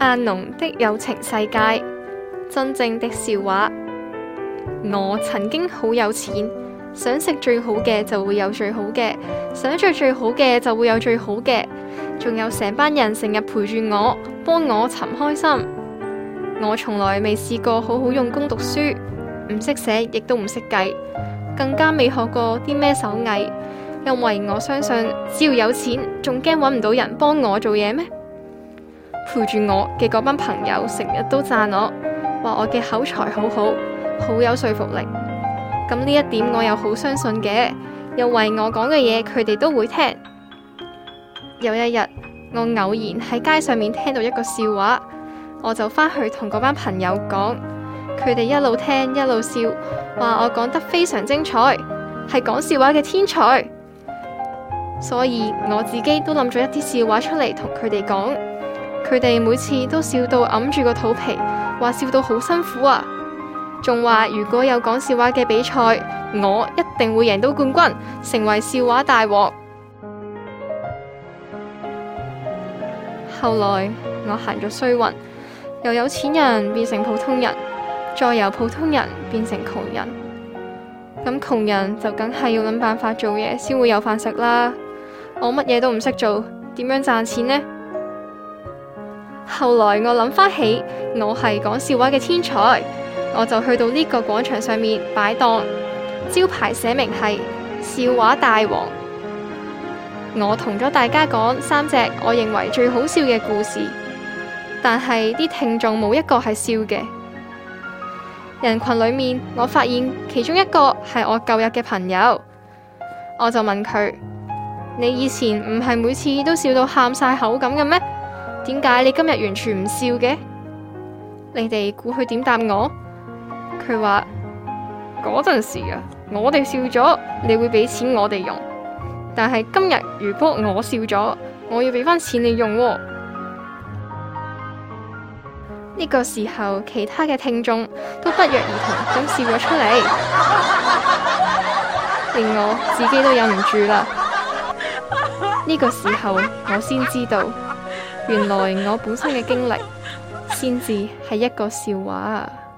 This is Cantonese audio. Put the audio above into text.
阿濃、啊、的有情世界，真正的笑話。我曾經好有錢，想食最好嘅就會有最好嘅，想着最，最好嘅就會有最好嘅，仲有成班人成日陪住我，幫我尋開心。我從來未試過好好用功讀書，唔識寫亦都唔識計，更加未學過啲咩手藝，因為我相信，只要有錢，仲驚搵唔到人幫我做嘢咩？陪住我嘅嗰班朋友，成日都讚我，話我嘅口才好好，好有說服力。咁呢一點我又好相信嘅，又為我講嘅嘢，佢哋都會聽。有一日，我偶然喺街上面聽到一個笑話，我就返去同嗰班朋友講，佢哋一路聽一路笑，話我講得非常精彩，係講笑話嘅天才。所以我自己都諗咗一啲笑話出嚟同佢哋講。佢哋每次都笑到揞住個肚皮，話笑到好辛苦啊！仲話如果有講笑話嘅比賽，我一定會贏到冠軍，成為笑話大王。 後來我行咗衰運，由有錢人變成普通人，再由普通人變成窮人。咁窮人就梗係要諗辦法做嘢先會有飯食啦。我乜嘢都唔識做，點樣賺錢呢？後來我諗翻起，我係講笑話嘅天才，我就去到呢個廣場上面擺檔，招牌寫明係笑話大王。我同咗大家講三隻我認為最好笑嘅故事，但係啲聽眾冇一個係笑嘅。人群裏面，我發現其中一個係我舊日嘅朋友，我就問佢：你以前唔係每次都笑到喊晒口咁嘅咩？點解你今日完全唔笑嘅？你哋估佢點答我？佢話，嗰陣時啊，我哋笑咗，你會俾錢我哋用。但係今日如果我笑咗，我要俾翻錢你用喎。呢個時候，其他嘅聽眾都不約而同咁笑咗出嚟， 連我自己都忍唔住啦。呢個時候，我先知道。原來我本身嘅經歷，先至係一個笑話啊！